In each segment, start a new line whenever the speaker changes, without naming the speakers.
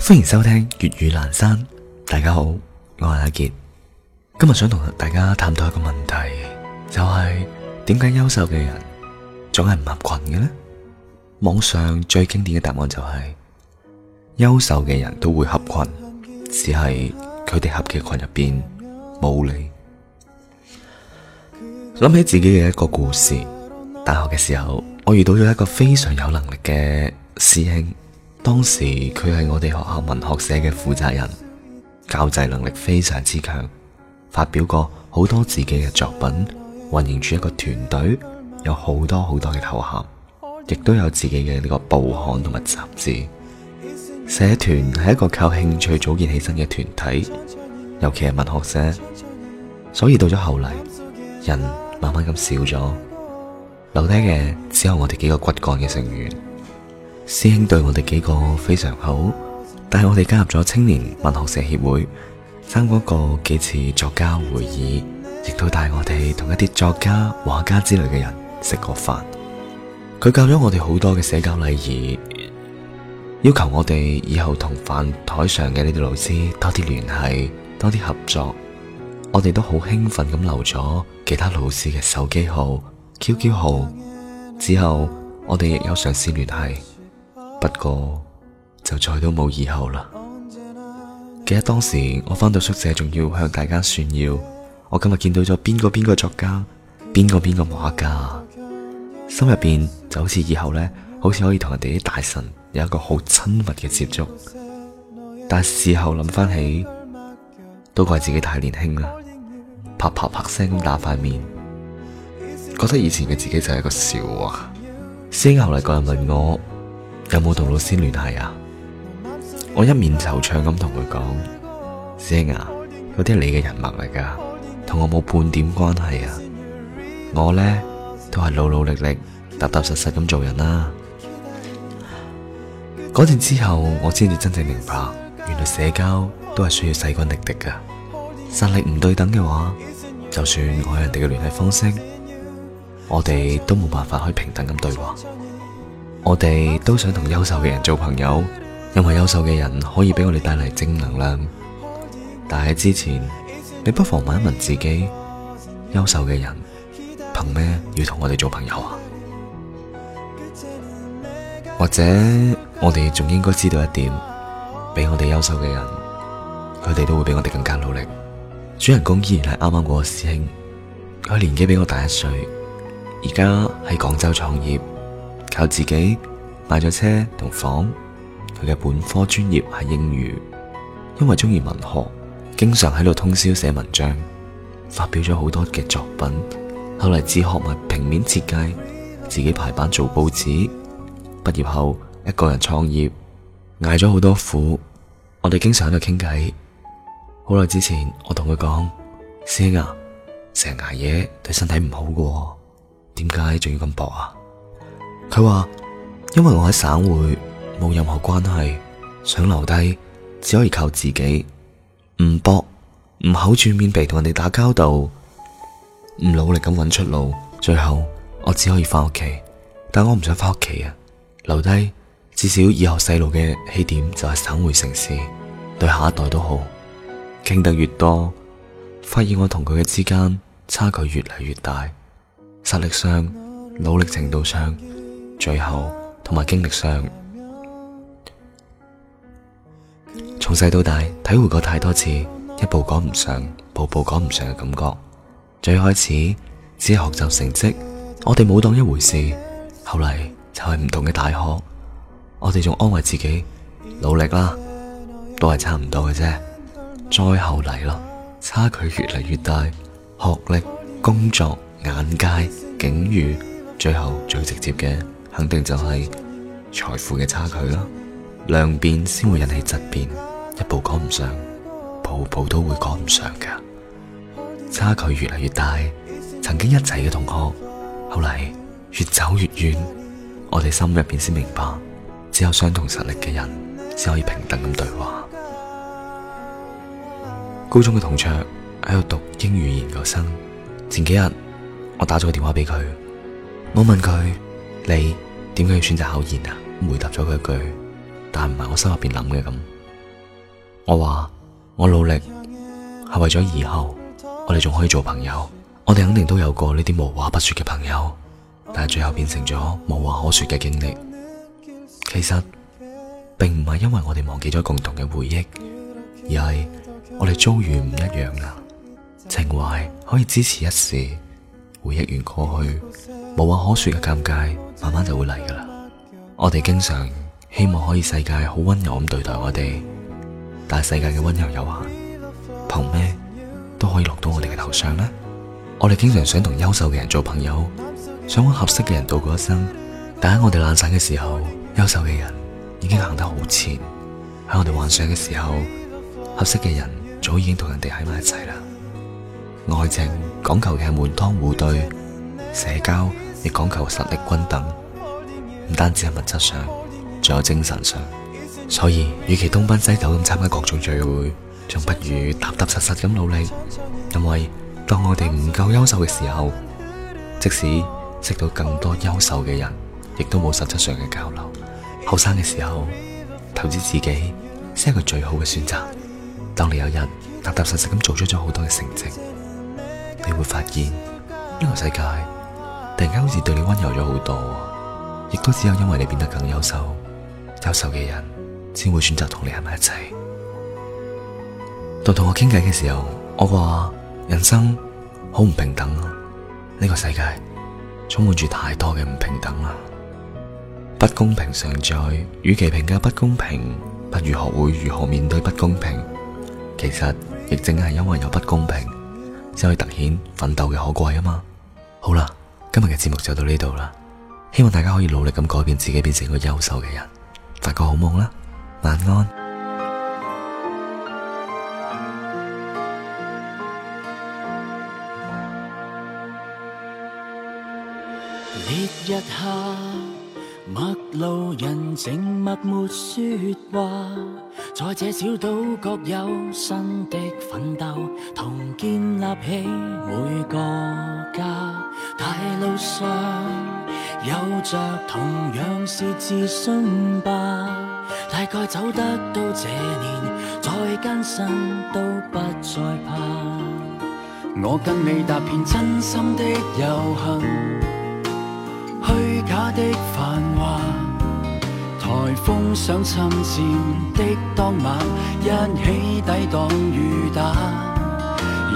歡迎收聽粵語南山。大家好，我係阿杰。今日想同大家探討一個問題，就係點解優秀嘅人總係唔合群嘅呢？網上最經典嘅答案就係、是，優秀嘅人都會合群，只係佢哋合嘅群入邊冇你。諗起自己嘅一個故事，大學嘅時候，我遇到咗一個非常有能力嘅師兄。當時佢係我哋學校文學社嘅負責人，交際能力非常之強，發表過好多自己嘅作品，運營住一個團隊，有好多好多嘅頭銜，亦都有自己嘅呢個報刊同埋雜誌。社團係一個靠興趣組建起身嘅團體，尤其係文學社，所以到咗後嚟，人慢慢咁少咗，留低嘅只有我哋幾個骨幹嘅成員。師兄對我哋幾個非常好，帶我哋加入咗青年文學社協會，參加過幾次作家會議，亦都帶我哋同一啲作家、畫家之類嘅人食過飯。佢教咗我哋好多嘅社交禮儀，要求我哋以後同飯台上嘅呢啲老師多啲聯繫，多啲合作。我哋都好興奮咁留咗其他老師嘅手機號、QQ 號，之後我哋亦有嘗試聯繫。不過就再都冇以後啦。記得當時我翻到宿舍，仲要向大家炫耀，我今日見到咗邊個邊個作家、邊個邊個畫家，心入面就好似以後呢，好似可以同人哋啲大神有一個好親密嘅接觸。但事後諗翻起，都怪自己太年輕啦、啊，啪啪啪聲咁打塊面，覺得以前嘅自己就係一個笑話。師兄後嚟個人問我。有冇同老師聯繫啊？我一面惆悵咁同佢講：師兄啊，嗰啲係你嘅人脈嚟噶，同我冇半點關係啊！我呢，都係努努力力、踏踏實實咁做人啦、啊。嗰次之後，我先至真正明白，原來社交都係需要勢均力敵噶，實力唔對等嘅話，就算我有人哋嘅聯繫方式，我哋都冇辦法可以平等咁對話。我哋都想同優秀嘅人做朋友，因為優秀嘅人可以俾我哋帶嚟正能量。但係之前，你不妨問一問自己：優秀嘅人憑咩要同我哋做朋友啊？或者我哋仲應該知道一點，比我哋優秀嘅人，佢哋都會比我哋更加努力。主人公依然係啱啱嗰個師兄，佢年紀比我大一歲，而家喺廣州創業。靠自己買咗車同房，佢嘅本科專業係英語，因為中意文學，經常喺度通宵寫文章，發表咗好多嘅作品。後嚟自學埋平面設計，自己排版做報紙。畢業後一個人創業，挨咗好多苦。我哋經常喺度傾偈。好耐之前，我同佢講：師兄啊，成日挨夜對身體唔好噶，點解仲要咁搏啊？佢話：因為我喺省會冇任何關係，想留低，只可以靠自己，唔搏，唔厚住面皮同人哋打交道，唔努力咁揾出路，最後我只可以翻屋企。但我唔想翻屋企啊！留低，至少以後細路嘅起點就係省會城市，對下一代都好。傾得越多，發現我同佢嘅之間差距越嚟越大，實力上，努力程度上。最後同埋經歷上，從細到大體會過太多次，一步趕唔上，步步趕唔上嘅感覺。最開始只係學習成績，我哋冇當一回事。後嚟就係唔同嘅大學，我哋仲安慰自己，努力啦，都係差唔多嘅啫。再後嚟咯，差距越嚟越大，學歷、工作、眼界、境遇，最後最直接嘅。肯定就係財富嘅差距啦，量變先會引起質變，一步趕唔上，步步都會趕唔上噶。差距越嚟越大，曾經一齊嘅同學，後嚟越走越遠，我哋心入邊先明白，只有相同實力嘅人，先可以平等咁對話。高中嘅同桌喺度讀英語研究生，前幾日我打咗個電話俾佢，我問佢你。點解要選擇考研啊？回答咗佢一句，但唔係我心入邊諗嘅咁。我話我努力係為咗以後，我哋仲可以做朋友。我哋肯定都有過呢啲無話不說嘅朋友，但係最後變成咗無話可說嘅經歷。其實並唔係因為我哋忘記咗共同嘅回憶，而係我哋遭遇唔一樣啦。情懷可以支持一時。回憶完過去，無話可說嘅尷尬，慢慢就會嚟噶啦。我哋經常希望可以世界好溫柔咁對待我哋，但世界嘅溫柔有限，憑咩都可以落到我哋嘅頭上呢？我哋經常想同優秀嘅人做朋友，想揾合適嘅人度過一生，但喺我哋懶散嘅時候，優秀嘅人已經行得好前；喺我哋幻想嘅時候，合適嘅人早已經同人哋喺埋一齊啦。愛情講求嘅係門當戶對，社交亦講求實力均等，唔單止係物質上，仲有精神上。所以，與其東奔西走咁參加各種聚會，仲不如踏踏實實咁努力。因為當我哋唔夠優秀嘅時候，即使識到更多優秀嘅人，亦都冇實質上嘅交流。後生嘅時候，投資自己先係一個最好嘅選擇。當你有人踏踏實實咁做出咗好多嘅成績。你會發現呢個世界突然間好似對你溫柔咗好多，亦都只有因為你變得更優秀，優秀嘅人先會選擇同你喺埋一齊。到同我傾偈嘅時候，我話人生好唔平等啊！呢個世界充滿住太多嘅唔平等啦，不公平常在。與其評價不公平，不如學會如何面對不公平。其實亦正係因為有不公平。先可以凸顯奮鬥嘅可貴啊嘛！好啦，今日嘅節目就到呢度啦，希望大家可以努力咁改變自己，變成一個優秀嘅人。發個好夢啦，晚安。烈日 下，陌
路人靜默沒說話，在這小島各有新的奮鬥。立起每個家，大路上有着同樣是自信吧。大概走得到這年，再艱辛都不再怕。我跟你踏遍真心的遊行，虛假的繁華。颱風想侵佔的當晚，一起抵擋雨打。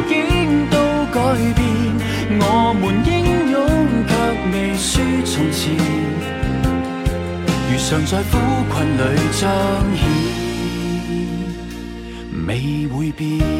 風景都改變，我們英勇卻未輸從前，如常在苦困裡彰顯，未會變。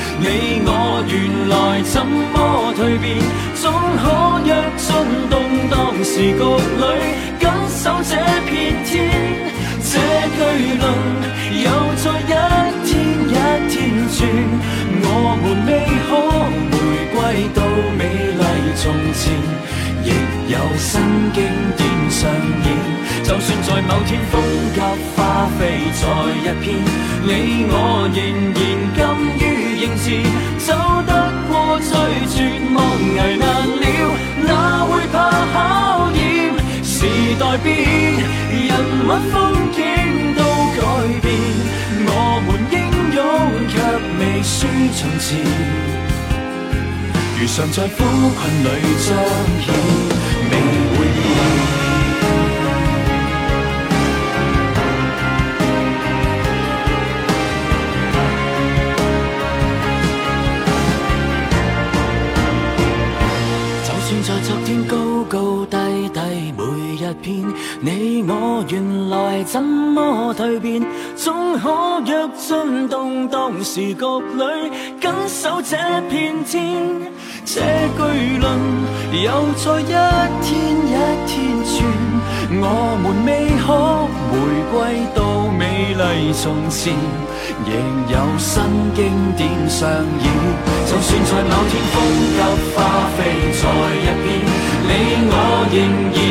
你我原來怎麼蛻變，總可躍進動蕩時局裏，緊守這片天，這巨輪又再一天一天轉，我們未可回歸到美麗從前，亦有新經典上演。就算在某天風急花飛在一片，你我仍然甘願。仍前走得過最絕望危難了，哪會怕考驗？時代變，人文風景都改變，我們英勇卻未輸從前。如常在苦困裏彰顯。明明高高低低，每一片，你我原來怎麼蛻變？總可躍進動盪時局裏，緊守這片天，這巨輪又再一天一天轉，我們未可回歸到。美麗從前，仍有新經典上演。 就算在某天風急花飛在一片，你我仍然。